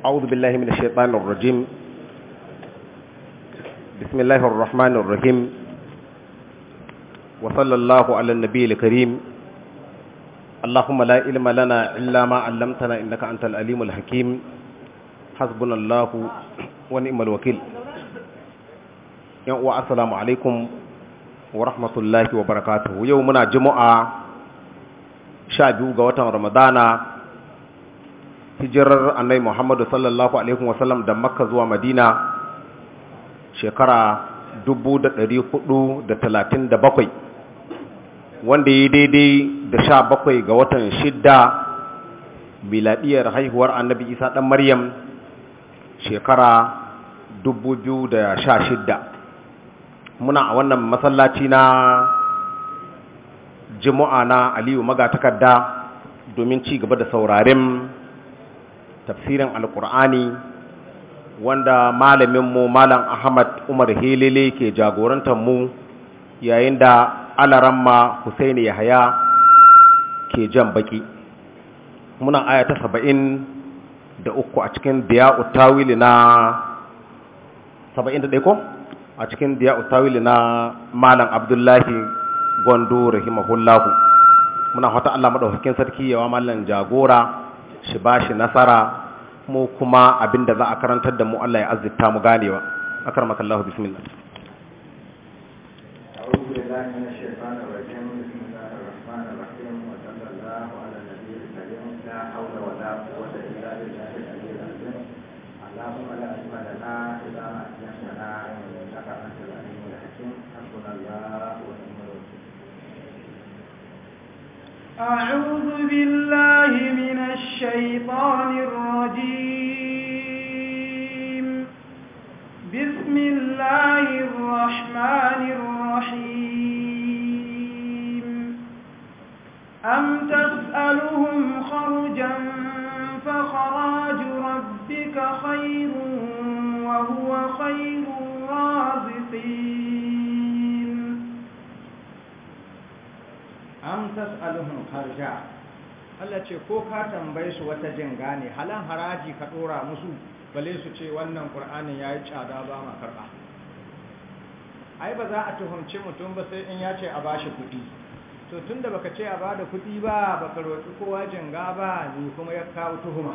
أعوذ بالله من الشيطان الرجيم بسم الله الرحمن الرحيم وصلى الله على النبي الكريم اللهم لا علم لنا إلا ما علمتنا إنك أنت الأليم الحكيم حسبنا الله ونعم الوكيل السلام عليكم ورحمة الله وبركاته يومنا جمعة شعبه قوة رمضان hijirar annabi muhammadu sallallahu alaihi wasallam da makka zuwa madina shekara bakwai wanda ya daidai da sha bakwai ga watan shidda miladiyar haihuwar annabi isa ɗan maryam shekara 2016 muna a wannan masallaci na jimu'a na aliyu magatakarda domin ci gaba da sauraren tafsirin alkur'ani wanda malaminmu malam ahmad umar helele ke jagorantar mu yayin da alaramma husaini yahaya ke jan baki muna aya ta saba'in da uku a cikin biya utawili na saba'in da ɗaiko a cikin biya utawili na malam abdullahi gondo rahimahullahu muna hata allah maɗaukakin sarki yawa malam jagora shi ba shi nasara mu kuma abinda za a karantar da mu Allah ya azzita mu ganewa akarmakallahu bismillah أعوذ بالله من الشيطان الرجيم بسم الله الرحمن الرحيم أم تسألهم خرجا فخراج ربك خير وهو خير الرازقين an tas'aluhum kharja Allah ce ko ka tambaye su wata jinga ne halan haraji ka dora musu bale su ce wannan qur'anin yayi tsada ba ma karba ai ba za a tuhumci mutum ba sai in ya ce a bashi kuɗi to tunda baka ce a bada kuɗi ba baka roƙi kowa jinga ba ni kuma ya kawo tuhuma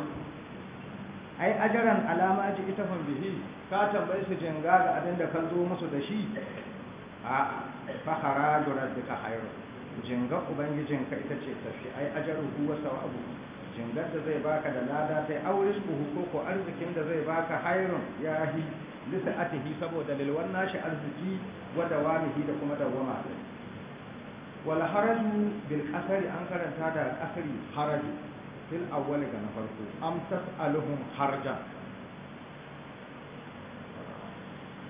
ai ajaran alama ji ita hun bihi ka tambaye su jinga ga abin da ka zo musu da shi a fa haraju rabbika khairu jingar ka ita ce tafi ai ajaru huwa sawabu jingar da zai baka da lada sai auris buhu ko ko arzikin da zai baka hairun yahi lisa atihi saboda lilwan nashi arziki wa dawamihi da kuma dawama wal haraju bil qasari an karanta da qasari haraju fil awwal ga na farko am tasaluhum harja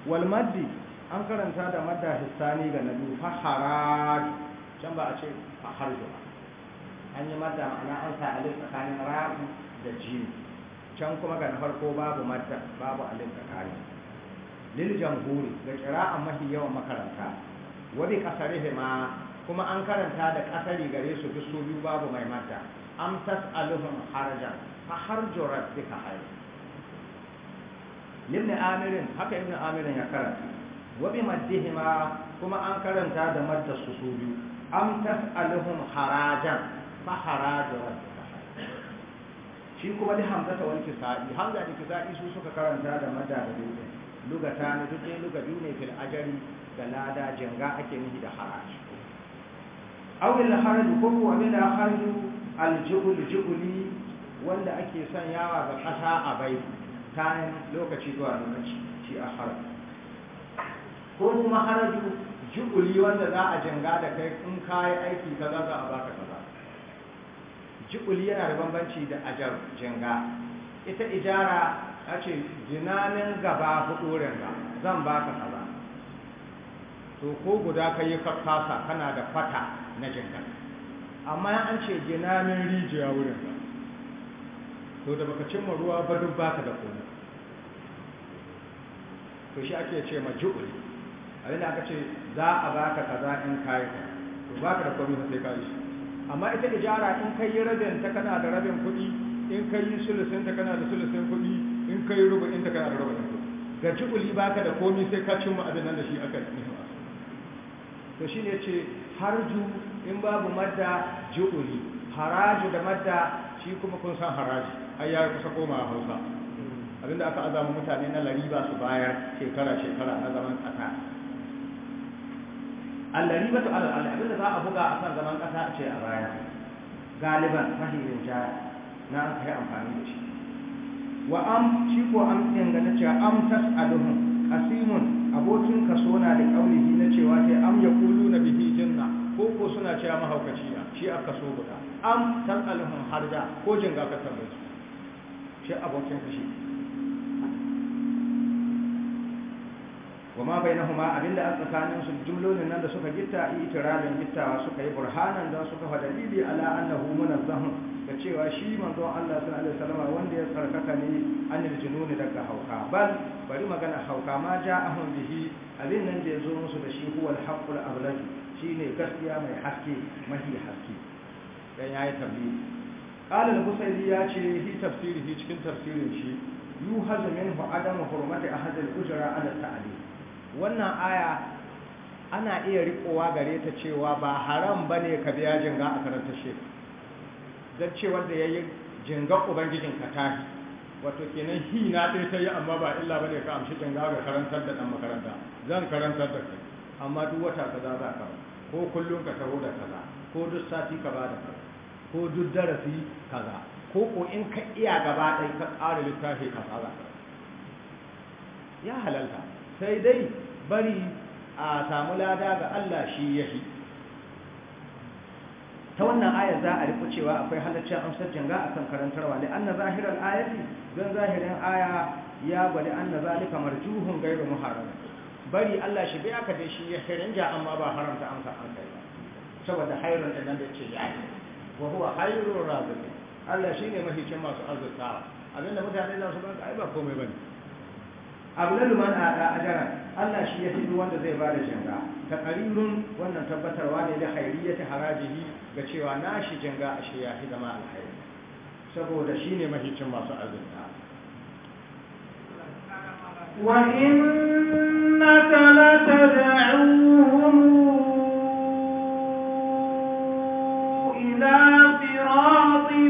wal maddi an karanta da madda hissani ga na fa haraju can ba a ce a harjo ba an yi mata ma'ana an sa alif tsakanin ra'u da jini can kuma ga na farko babu madda babu alif tsakanin lil jamhuri ga kira'an mafi yawan makaranta Wani kasari kuma an karanta da kasari gare su duk su biyu babu mai madda am tas'aluhum harajan fa harjo rabbika hayy Limni amirin haka ibn amirin ya karanta wabi bi maddihima kuma an karanta da madda su su biyu am tas'aluhum harajan fa haraju rabbika shi kuma da hamza ta wanke kisa'i hamza da kisa'i su suka karanta da madda da dole lugata ne duk dai biyu ne fil ajari da lada janga ake nufi da haraj aw il haraju ko kuma min al haraju al jubul jubuli wanda ake yawa ga kasa a bai kayan lokaci zuwa lokaci shi a haraju ko kuma haraju jubuli wanda za a janga da kai in ka yi aiki kaza za a baka kaza jubuli yana da bambanci da ajar janga ita ijara a ce jinanin gaba hudurin ba zan baka kaza to ko guda ka yi kasa kana da fata na janga amma an ce jinanin rijiya wurin ba to da baka cimma ruwa ba duk baka da komai to shi ake ce ma jubuli abinda aka ce za a baka kaza in kayi ka Ba ka da komai sai ka yi amma ita ijara in kai rabin ta kana da rabin kuɗi in kai sulusin ta kana da sulusin kuɗi in kai rubu'in ta kana da rubu'in kuɗi ga jibuli ka da komai sai ka cimma abin nan da shi aka yi to ne ce harju in babu madda jibuli haraju da madda shi kuma kun san haraji ai ya kusa komawa Hausa abinda aka azama mutane na lariba su bayar shekara shekara na zaman kasa Allani ta al'adu da za a buga a kan zaman kasa ce a baya galiban fahimtar ja na aka kai amfani da shi wa am shi ko am dangane cewa am tas'aluhum qasimun abokin kaso na da kaulihi na cewa sai am na bihi jinna ko ko suna cewa mahaukaci ya shi aka so guda am tas'aluhum harja ko jinga ka tambaye shi abokin kashi Gwama wa ma bainahuma abinda a tsakanin su jumlolin nan da suka gitta itiradin gittawa suka yi burhanan don suka fa dalili ala annahu munazzahun da cewa shi manzon Allah sallallahu alaihi wasallam wanda ya tsarkaka ne anil jununi daga hauka bal bari magana hauka ma ja'ahum bihi abin nan da ya zo musu da shi huwal haqqul Shi ne gaskiya mai haske mahi haske dan yayi tabbiri qala al-busairi ya ce hi tafsirihi cikin tafsirin shi yuhazu minhu adamu hurmati ahad al-ujra ta ta'lim wannan aya ana iya riƙowa gare ta cewa ba haram ba ne ka biya jinga a karanta shi don cewar da ya yi jinga ubangijin ka tahi wato kenan hi na ɗai ta yi amma ba illa ba ne ka amshi jinga ga karantar da ɗan makaranta zan karantar da kai amma duk wata kaza za ka ko kullum ka taho da kaza ko duk sati ka ba da kaza ko duk darasi kaza ko ko in ka iya gaba ɗai ka ƙara littafi ka za ka ya halalta sai dai bari a samu lada ga Allah shi yahi ta wannan aya za a riko cewa akwai halaccin amsar janga a akan karantarwa da anna zahirar ayati don zahirin aya ya gwada anna zalika marjuhun gairu muharram bari Allah shi bai aka dai shi ya hirinja amma ba haramta amsa an kai ba saboda hayrun da nan da ce ya yi wa huwa hayrun raziqin Allah shi ne mahicin masu arzikawa abinda mutane za su ba ai ba komai bane ablalu man a ajara Allah shi ya fi wanda zai bada jinga taqrirun wannan tabbatarwa ne da ta harajihi ga cewa na shi jinga ashe ya fi zama alkhairi saboda shine mahicin masu azumta wa innaka latad'uhum ila siratin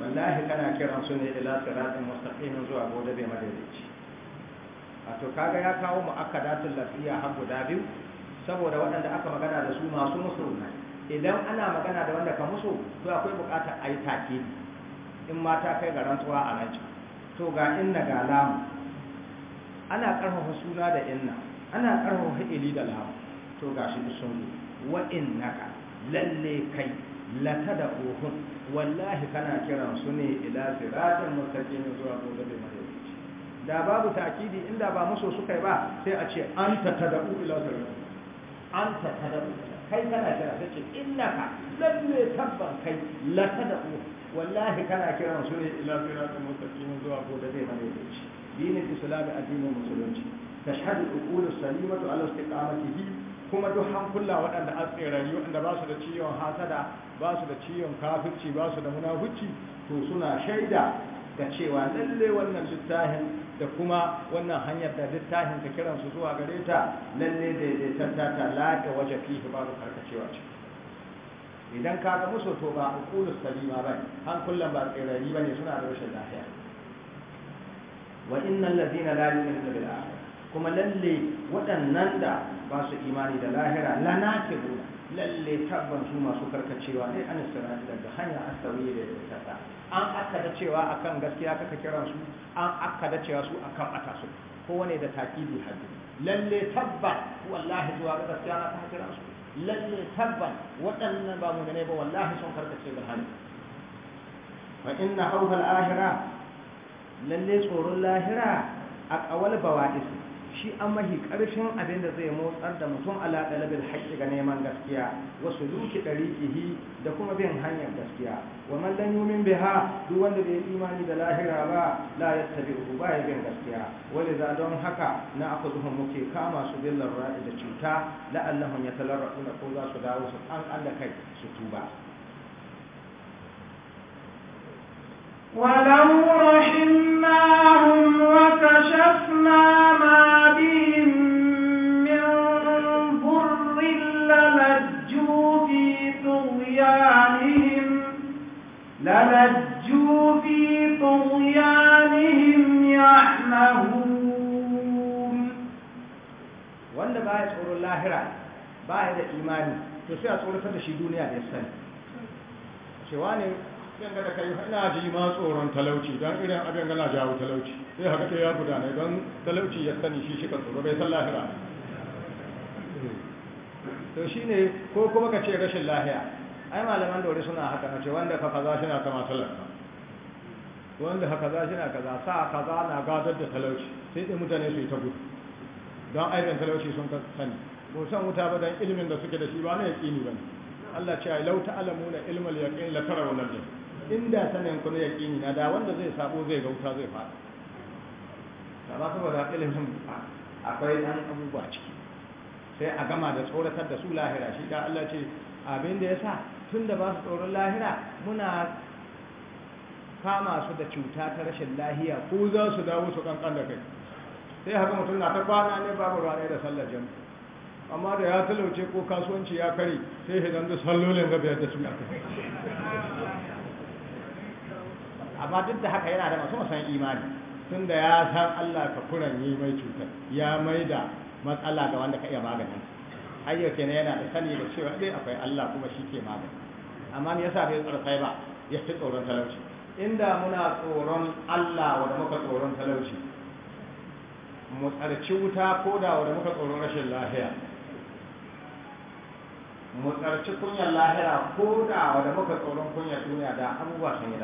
wallahi kana kiran su ne ila siratin mustaqimin zuwa ga bai madaidaici a to kaga ya kawo mu akadatul lafiya har guda biyu saboda waɗanda aka magana da su masu musu idan ana magana da wanda ka musu to akwai buƙatar a yi take in ma ta kai ga rantsuwa a ranci to ga inna ga lamu ana ƙarfafa suna da inna ana ƙarfafa ili da lamu to ga shi sun wa innaka lalle kai latada ohun wallahi kana kiran su ne ila siratin mustaqim zuwa gobe da madaici da babu ta'kidi inda ba muso suka yi ba sai a ce an anta tad'u ila siratin anta tad'u kai kana kira sai ce innaka lalle tabban kai latad'u wallahi kana kiran su ne ila siratin mustaqim zuwa gobe da madaici dinin islam addinin musulunci tashhadu al-uqul as-salimatu ala istiqamatihi kuma duk hankula waɗanda a waɗanda ba su da ciwon hasada ba su da ciwon kafirci ba su da munafuci to suna shaida da cewa lalle wannan littafin da kuma wannan hanyar da littafin ta kiran su zuwa gare ta lalle daidaitar ta ta lata waje fihi su karkacewa ce idan ka ga musu to ba ukulus salima ba hankulan ba tserari ba ne suna da rashin lafiya wa innal ladina la yu'minuna bil kuma lalle waɗannan da ba su imani da lahira lana ke buna lalle tabban su masu karkacewa ne an sirati daga hanya asawi da ya tsada an akkada cewa akan gaskiya kaka kiran su an akkada cewa su akan ata su kowane da takidi hadu lalle tabban wallahi zuwa ga gaskiya na kaka kiran su lalle tabban waɗannan ba mu gane ba wallahi sun karkace da hali fa inna hawfa al-akhirah lalle tsoron lahira a qawal bawadis shi an mahi ƙarshen abin da zai motsar da mutum ala ɗalibin haƙƙi ga neman gaskiya wasu duki ɗariƙihi da kuma bin hanyar gaskiya wa man lam yu'min biha duk wanda bai imani da lahira ba la uku ba ya bin gaskiya wani za don haka na aka zuwa muke kama su billar ra'i da cuta la'allahum yatalarrafuna ko za su dawo su an Allah kai su tuba ولو رحمناهم وكشفنا imani to sai a tsoratar da shi duniya da ya sani cewa ne yan gada kai ina ji ma tsoron talauci dan irin abin gana jawo talauci sai haka ta ya ne don talauci ya sani shi shi kan tsoro bai san lahira to shine ko kuma ka ce rashin lahiya ai malaman wani suna haka ce wanda ka kaza shi na kama talaka wanda haka za shi na kaza sa kaza na gadar da talauci sai dai mutane su yi ta gudu don aibin talauci sun sani ba san wuta ba don ilimin da suke da shi ba na yaqini ba Allah ce ai lauta alamuna ilmal yaqin la wa al inda sanin ku ne yaqini na da wanda zai sabo zai ga wuta zai fada ta ba da ilimin akwai dan abubuwa ciki sai a gama da tsoratar da su lahira shi da Allah ce abin da yasa tun da ba su tsoron lahira muna kama su da cuta ta rashin lahiya ko za su dawo su kankan da kai sai haka mutum na ta kwana ne babu ruwa da sallar jami'a amma da ya talauce ko kasuwanci ya kare sai hidan da sallolin ga biyar da su yaka amma duk da haka yana da masu masan imani tun da ya san Allah ka kuran yi mai cutar ya mai da matsala ga wanda ka iya maganin hayyar na yana da sani da cewa dai akwai Allah kuma shi ke magani amma me yasa bai tsarfai ba ya fi tsoron talauci inda muna tsoron Allah wanda muka tsoron talauci mu tsarci wuta ko da wanda muka tsoron rashin lafiya mu tsarci kunyar lahira ko da wanda muka tsoron kunyar duniya da abubuwa sun yi da